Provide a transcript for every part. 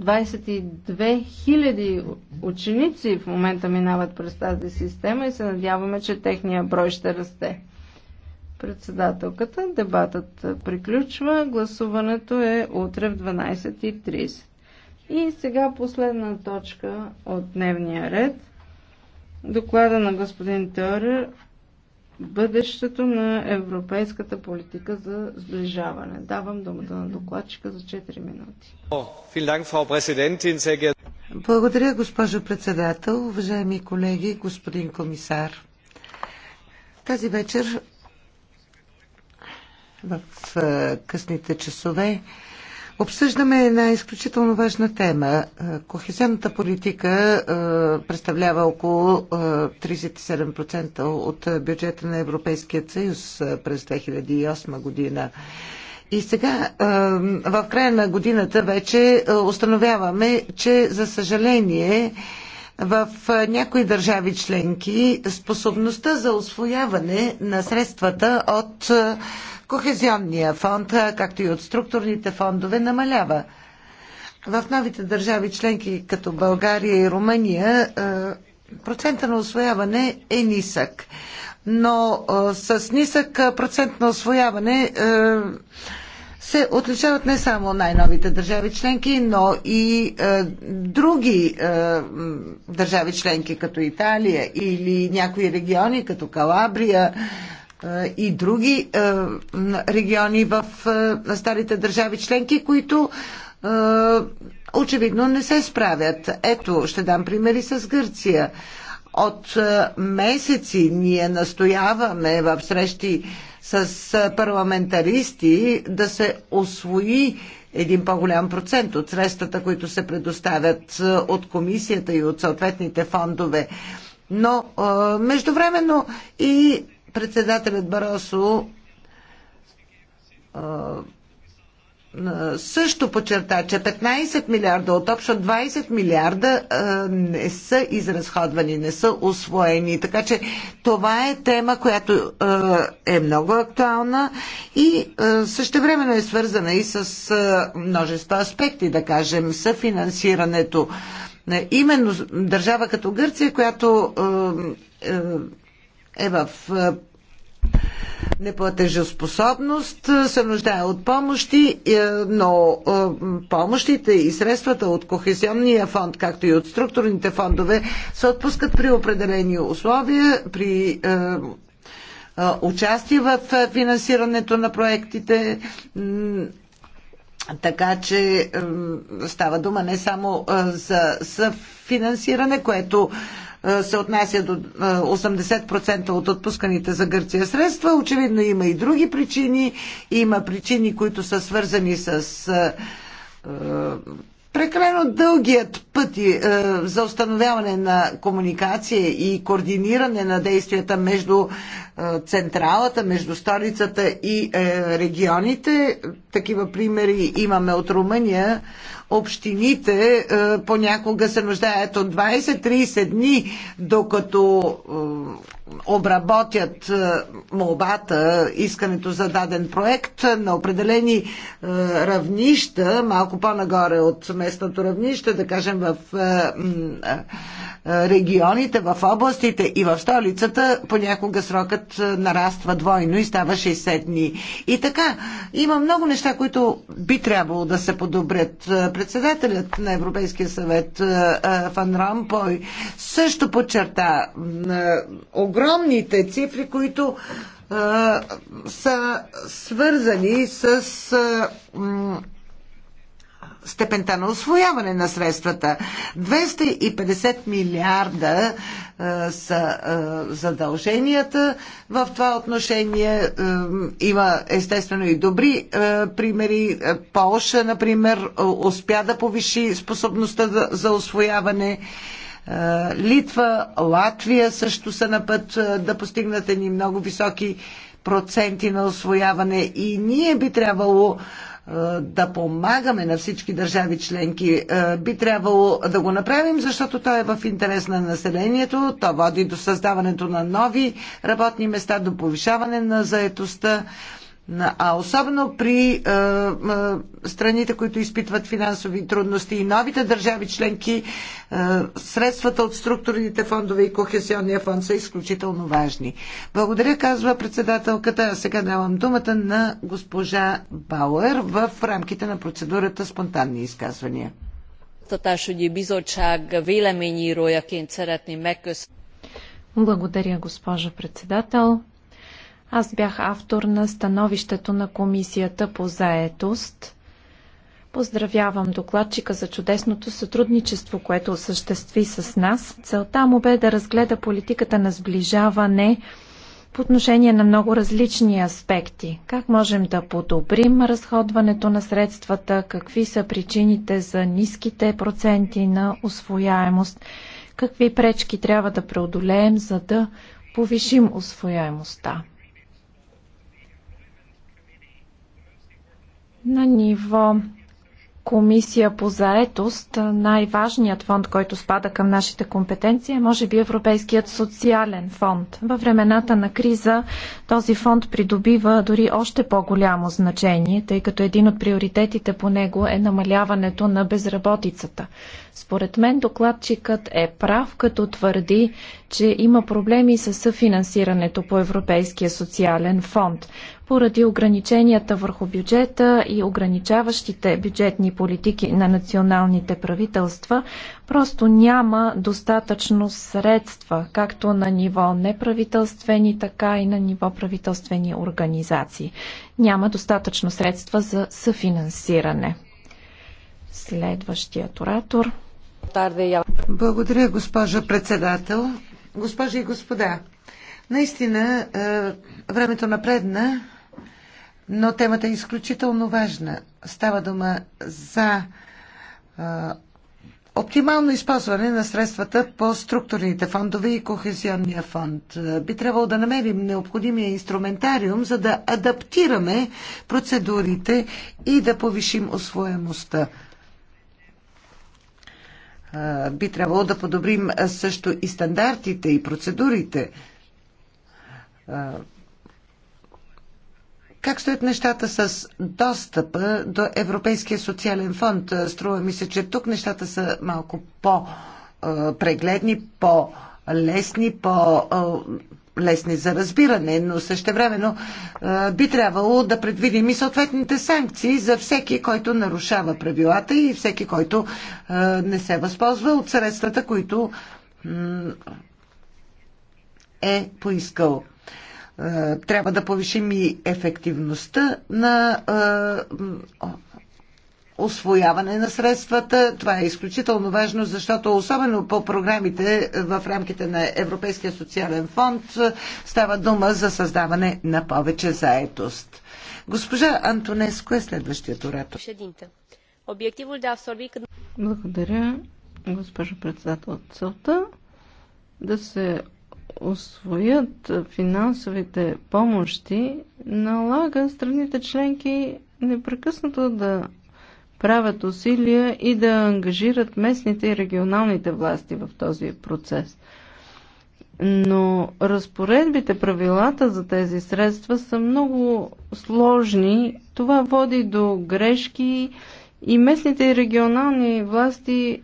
22 000 ученици в момента минават през тази система и се надяваме, че техния брой ще расте. Председателката, дебатът приключва, гласуването е утре в 12.30. И сега последна точка от дневния ред. Доклада на господин Теорер бъдещето на европейската политика за сближаване. Давам думата на докладчика за 4 минути. Благодаря, госпожо председател, уважаеми колеги, господин комисар. Тази вечер в късните часове Обсъждаме една изключително важна тема. Е, кохезионната политика е, представлява около 37% е, от бюджета на Европейския съюз през 2008 година. И сега, в края на годината вече установяваме, че за съжаление в някои държави членки способността за освояване на средствата от Кохезионния фонд, както и от структурните фондове, намалява. В новите държави членки, като България и Румъния, процента на освояване е нисък. Но с нисък процент на освояване се отличават не само най-новите държави членки, но и е, други е, държави членки, като Италия или някои региони, като Калабрия е, и други е, региони в е, старите държави членки, които е, очевидно не се справят. Ето, ще дам примери с Гърция. От е, месеци ние настояваме в срещи с парламентаристи да се освои един по-голям процент от средствата, които се предоставят от комисията и от съответните фондове. Но междувременно и председателят Баросо също подчерта, че 15 милиарда от общо 20 милиарда не са изразходвани, не са освоени. Така че това е тема, която е много актуална и същевременно е свързана и с множество аспекти, да кажем, съфинансирането. Именно държава като Гърция, която е в неплатежоспособност, е, се нуждае от помощи, е, но е, помощите и средствата от Кохезионния фонд, както и от структурните фондове, се отпускат при определени условия, при участие в финансирането на проектите. Така че става дума не само за съфинансиране, което се отнася до 80% от отпусканите за Гърция средства. Очевидно има и други причини. Има причини, които са свързани с прекалено дългият път за установяване на комуникация и координиране на действията между централата, между столицата и регионите. Такива примери имаме от Румъния, общините е, понякога се нуждаят от 20-30 дни, докато е, обработят е, молбата, искането за даден проект на определени равнища, малко по-нагоре от местното равнище, да кажем в регионите, в областите и в столицата, понякога срокът нараства двойно и става 60 дни. И така, има много неща, които би трябвало да се подобрят председателят на Европейския съвет е, е, Фан Рампой също подчерта е, огромните цифри, които са свързани с степента на освояване на средствата. 250 милиарда е, са е, задълженията в това отношение. Е, има естествено и добри примери. Полша, например, успя да повиши способността за, за освояване. Литва, Латвия също са на път да постигнат едни много високи проценти на освояване и ние би трябвало да помагаме на всички държави членки. Би трябвало да го направим, защото то е в интерес на населението, то води до създаването на нови работни места, до повишаване на заетостта. А особено при а, е, а, е, страните, които изпитват финансови трудности и новите държави членки, а, е, средствата от структурните фондове и Кохесионния фонд са изключително важни. Благодаря, казва председателката. Сега давам думата на госпожа Бауер в рамките на процедурата спонтанни изказвания. Благодаря, госпожа председател. Аз бях автор на становището на Комисията по заетост. Поздравявам докладчика за чудесното сътрудничество, което осъществи с нас. Целта му бе да разгледа политиката на сближаване по отношение на много различни аспекти. Как можем да подобрим разходването на средствата, какви са причините за ниските проценти на освояемост, какви пречки трябва да преодолеем, за да повишим освояемостта. На ниво комисия по заетост, най-важният фонд, който спада към нашите компетенции, е може би Европейският социален фонд. Във времената на криза този фонд придобива дори още по-голямо значение, тъй като един от приоритетите по него е намаляването на безработицата. Според мен докладчикът е прав, като твърди, че има проблеми с съфинансирането по Европейския социален фонд поради ограниченията върху бюджета и ограничаващите бюджетни политики на националните правителства, просто няма достатъчно средства, както на ниво неправителствени, така и на ниво правителствени организации. Няма достатъчно средства за съфинансиране. Следващият оратор. Благодаря, госпожа председател. Госпожи и господа, наистина е, времето напредна но темата е изключително важна. Става дума за а, оптимално използване на средствата по структурните фондове и кохезионния фонд. Би трябвало да намерим необходимия инструментариум, за да адаптираме процедурите и да повишим освоемостта би трябвало да подобрим също и стандартите и процедурите. Как стоят нещата с достъпа до Европейския социален фонд? Е, струва ми се, че тук нещата са малко по-прегледни, е, по-лесни, по-лесни за разбиране, но същевременно е, би трябвало да предвидим и съответните санкции за всеки, който нарушава правилата и всеки, който не се възползва от средствата, които е поискал. Е, трябва да повишим и ефективността на е, освояване на средствата. Това е изключително важно, защото особено по програмите в рамките на Европейския социален фонд става дума за създаване на повече заетост. Госпожа Антонеско е следващият оратор. Благодаря, госпожо председател. Целта да се освоят финансовите помощи, налага страните членки непрекъснато да правят усилия и да ангажират местните и регионалните власти в този процес. Но разпоредбите, правилата за тези средства са много сложни. Това води до грешки и местните и регионални власти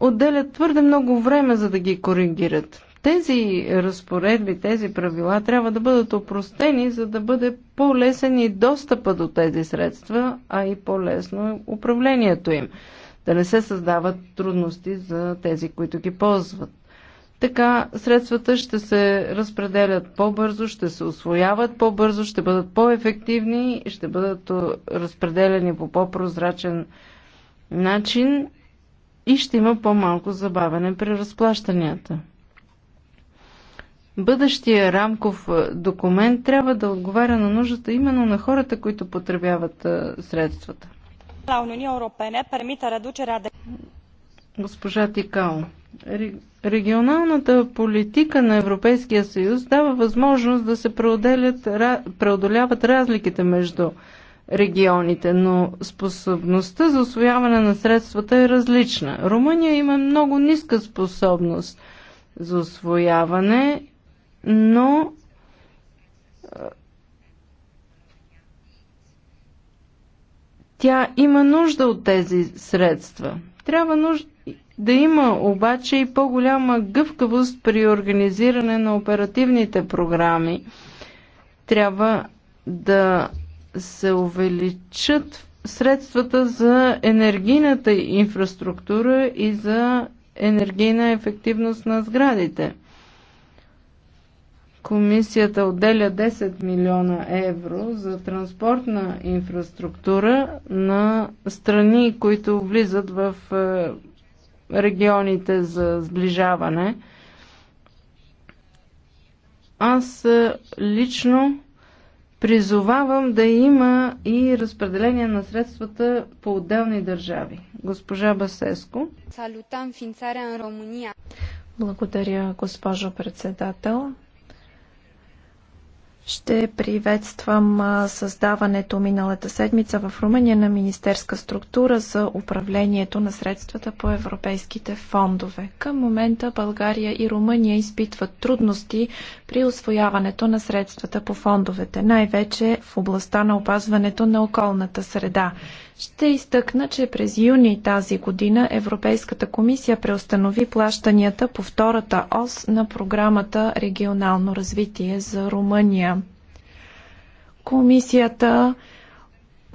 отделят твърде много време, за да ги коригират. Тези разпоредби, тези правила трябва да бъдат опростени, за да бъде по-лесен и достъпа до тези средства, а и по-лесно е управлението им. Да не се създават трудности за тези, които ги ползват. Така средствата ще се разпределят по-бързо, ще се освояват по-бързо, ще бъдат по-ефективни, ще бъдат разпределени по по-прозрачен начин и ще има по-малко забавене при разплащанията бъдещия рамков е, документ трябва да отговаря на нуждата именно на хората, които потребяват е, средствата. Госпожа Тикао, регионалната политика на Европейския съюз дава възможност да се преодоляват разликите между регионите, но способността за освояване на средствата е различна. Румъния има много ниска способност за освояване но тя има нужда от тези средства. Трябва нужда да има обаче и по-голяма гъвкавост при организиране на оперативните програми. Трябва да се увеличат средствата за енергийната инфраструктура и за енергийна ефективност на сградите. Комисията отделя 10 милиона евро за транспортна инфраструктура на страни, които влизат в е, регионите за сближаване. Аз е, лично призовавам да има и разпределение на средствата по отделни държави. Госпожа Басеско. Салутам финцаря в Румъния. Благодаря, госпожо председател. Ще приветствам създаването миналата седмица в Румъния на Министерска структура за управлението на средствата по европейските фондове. Към момента България и Румъния изпитват трудности при освояването на средствата по фондовете, най-вече в областта на опазването на околната среда. Ще изтъкна, че през юни тази година Европейската комисия преустанови плащанията по втората ос на програмата Регионално развитие за Румъния. Комисията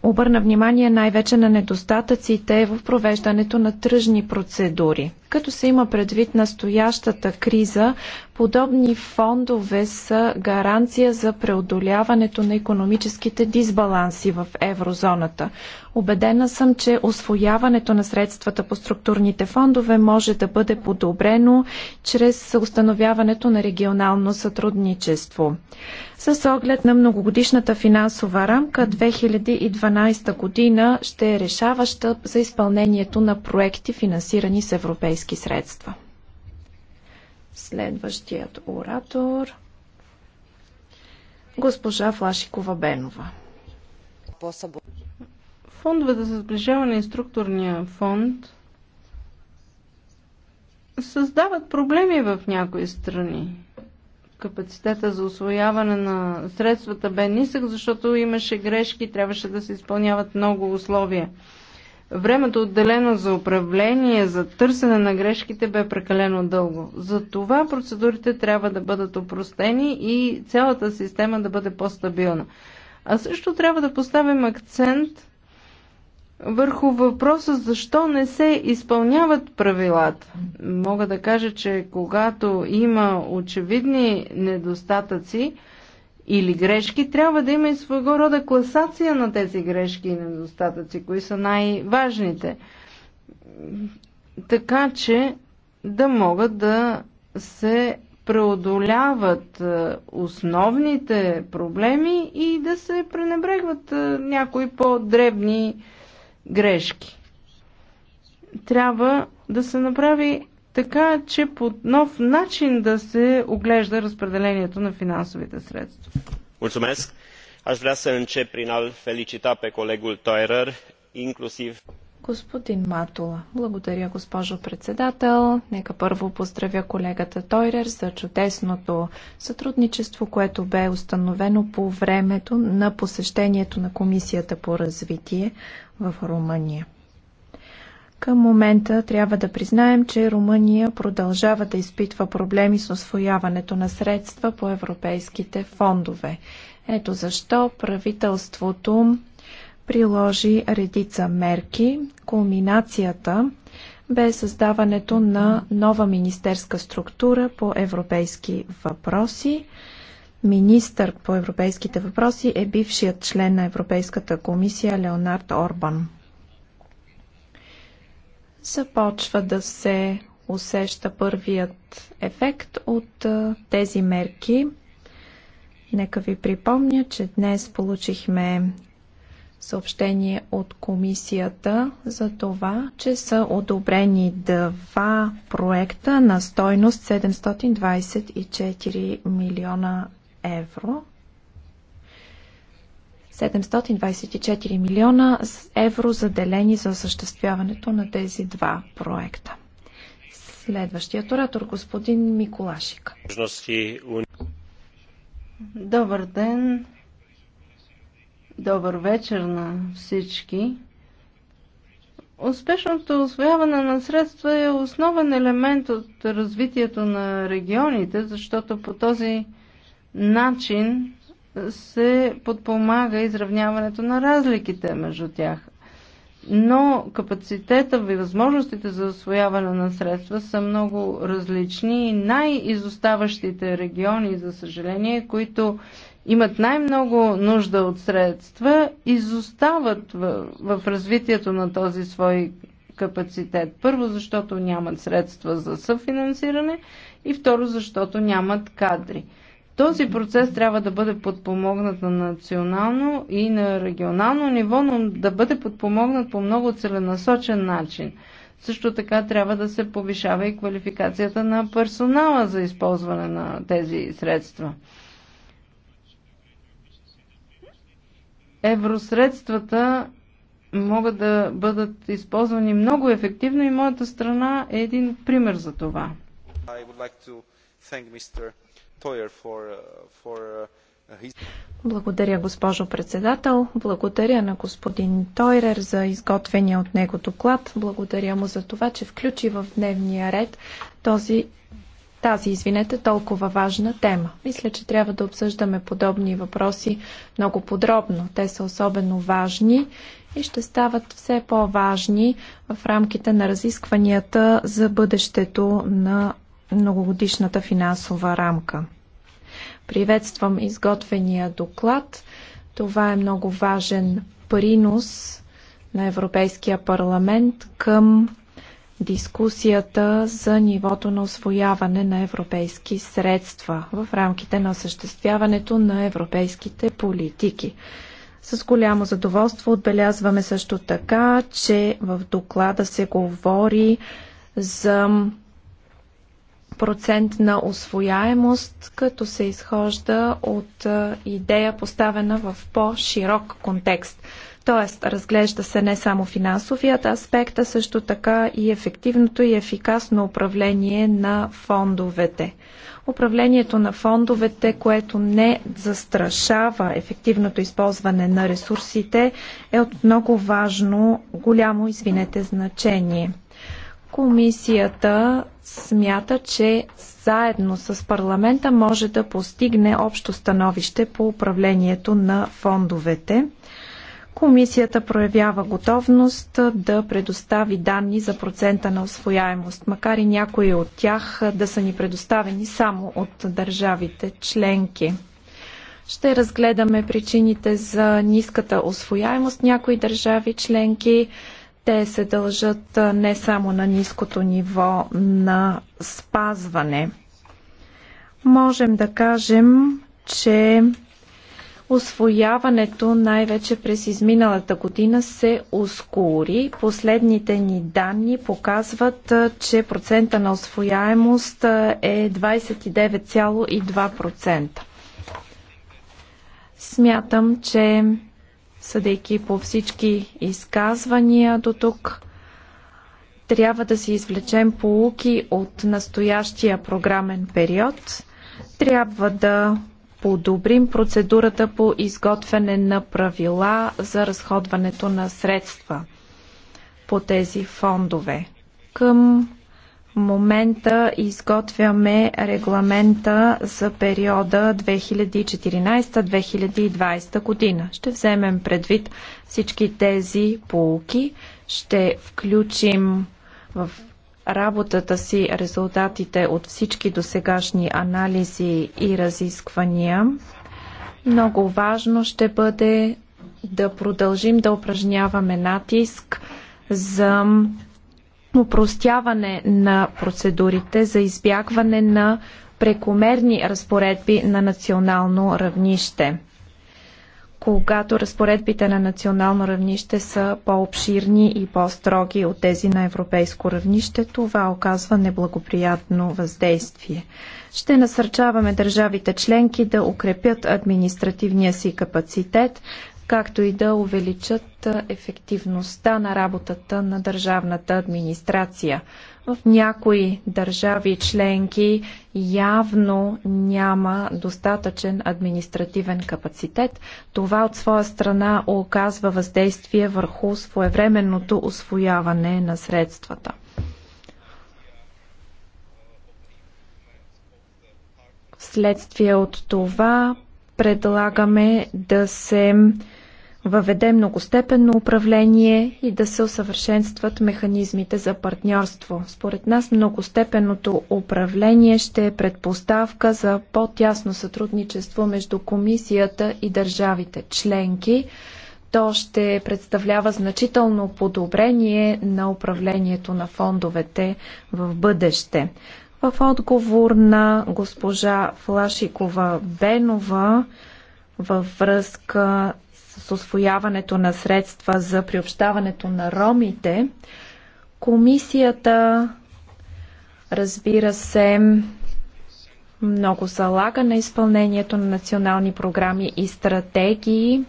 обърна внимание най-вече на недостатъците в провеждането на тръжни процедури. Като се има предвид настоящата криза, подобни фондове са гаранция за преодоляването на економическите дисбаланси в еврозоната. Обедена съм, че освояването на средствата по структурните фондове може да бъде подобрено чрез установяването на регионално сътрудничество. С оглед на многогодишната финансова рамка 2012 година ще е решаваща за изпълнението на проекти, финансирани с европейски средства. Следващият оратор госпожа Флашикова Бенова. Фондовете за сближаване и структурния фонд създават проблеми в някои страни. Капацитета за освояване на средствата бе нисък, защото имаше грешки, трябваше да се изпълняват много условия. Времето отделено за управление, за търсене на грешките бе прекалено дълго. За това процедурите трябва да бъдат опростени и цялата система да бъде по-стабилна. А също трябва да поставим акцент върху въпроса защо не се изпълняват правилата. Мога да кажа, че когато има очевидни недостатъци или грешки, трябва да има и своего рода класация на тези грешки и недостатъци, кои са най-важните. Така че да могат да се преодоляват е, основните проблеми и да се пренебрегват е, някои по-дребни грешки. Трябва да се направи така, че по нов начин да се оглежда разпределението на финансовите средства. Mulțumesc. Aș vrea să încep prin a-l felicita pe colegul Господин Матула, благодаря госпожо председател. Нека първо поздравя колегата Тойрер за чудесното сътрудничество, което бе установено по времето на посещението на Комисията по развитие в Румъния. Към момента трябва да признаем, че Румъния продължава да изпитва проблеми с освояването на средства по европейските фондове. Ето защо правителството приложи редица мерки. Кулминацията бе създаването на нова министерска структура по европейски въпроси. Министър по европейските въпроси е бившият член на Европейската комисия Леонард Орбан. Започва да се усеща първият ефект от тези мерки. Нека ви припомня, че днес получихме съобщение от комисията за това, че са одобрени два проекта на стойност 724 милиона евро. 724 милиона евро заделени за осъществяването на тези два проекта. Следващият оратор, господин Миколашик. Добър ден, Добър вечер на всички. Успешното освояване на средства е основен елемент от развитието на регионите, защото по този начин се подпомага изравняването на разликите между тях но капацитета и възможностите за освояване на средства са много различни и най-изоставащите региони, за съжаление, които имат най-много нужда от средства, изостават в, в развитието на този свой капацитет. Първо, защото нямат средства за съфинансиране и второ, защото нямат кадри. Този процес трябва да бъде подпомогнат на национално и на регионално ниво, но да бъде подпомогнат по много целенасочен начин. Също така трябва да се повишава и квалификацията на персонала за използване на тези средства. Евросредствата могат да бъдат използвани много ефективно и моята страна е един пример за това thank Mr. Toyer for, uh, for uh, his... Благодаря, госпожо председател. Благодаря на господин Тойрер за изготвения от него доклад. Благодаря му за това, че включи в дневния ред този тази, извинете, толкова важна тема. Мисля, че трябва да обсъждаме подобни въпроси много подробно. Те са особено важни и ще стават все по-важни в рамките на разискванията за бъдещето на многогодишната финансова рамка. Приветствам изготвения доклад. Това е много важен принос на Европейския парламент към дискусията за нивото на освояване на европейски средства в рамките на осъществяването на европейските политики. С голямо задоволство отбелязваме също така, че в доклада се говори за процент на освояемост, като се изхожда от идея поставена в по-широк контекст. Тоест, разглежда се не само финансовият аспект, а също така и ефективното и ефикасно управление на фондовете. Управлението на фондовете, което не застрашава ефективното използване на ресурсите, е от много важно, голямо, извинете, значение – Комисията смята, че заедно с парламента може да постигне общо становище по управлението на фондовете. Комисията проявява готовност да предостави данни за процента на освояемост, макар и някои от тях да са ни предоставени само от държавите членки. Ще разгледаме причините за ниската освояемост някои държави членки, те се дължат не само на ниското ниво на спазване. Можем да кажем, че освояването най-вече през изминалата година се ускори. Последните ни данни показват, че процента на освояемост е 29,2%. Смятам, че съдейки по всички изказвания до тук, трябва да си извлечем полуки от настоящия програмен период. Трябва да подобрим процедурата по изготвяне на правила за разходването на средства по тези фондове. Към момента изготвяме регламента за периода 2014-2020 година. Ще вземем предвид всички тези полуки, ще включим в работата си резултатите от всички досегашни анализи и разисквания. Много важно ще бъде да продължим да упражняваме натиск за упростяване на процедурите за избягване на прекомерни разпоредби на национално равнище. Когато разпоредбите на национално равнище са по-обширни и по-строги от тези на европейско равнище, това оказва неблагоприятно въздействие. Ще насърчаваме държавите членки да укрепят административния си капацитет, както и да увеличат ефективността на работата на държавната администрация. В някои държави членки явно няма достатъчен административен капацитет. Това от своя страна оказва въздействие върху своевременното освояване на средствата. Вследствие от това предлагаме да се въведе многостепенно управление и да се усъвършенстват механизмите за партньорство. Според нас многостепенното управление ще е предпоставка за по-тясно сътрудничество между комисията и държавите членки. То ще представлява значително подобрение на управлението на фондовете в бъдеще. В отговор на госпожа Флашикова Бенова във връзка с освояването на средства за приобщаването на ромите, комисията, разбира се, много залага на изпълнението на национални програми и стратегии.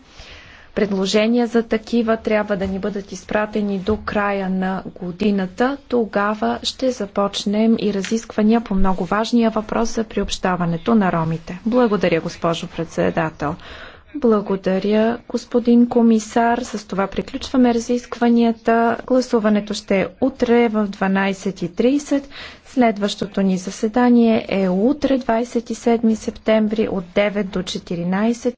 Предложения за такива трябва да ни бъдат изпратени до края на годината. Тогава ще започнем и разисквания по много важния въпрос за приобщаването на ромите. Благодаря, госпожо председател. Благодаря, господин комисар. С това приключваме разискванията. Гласуването ще е утре в 12.30. Следващото ни заседание е утре, 27 септември от 9 до 14.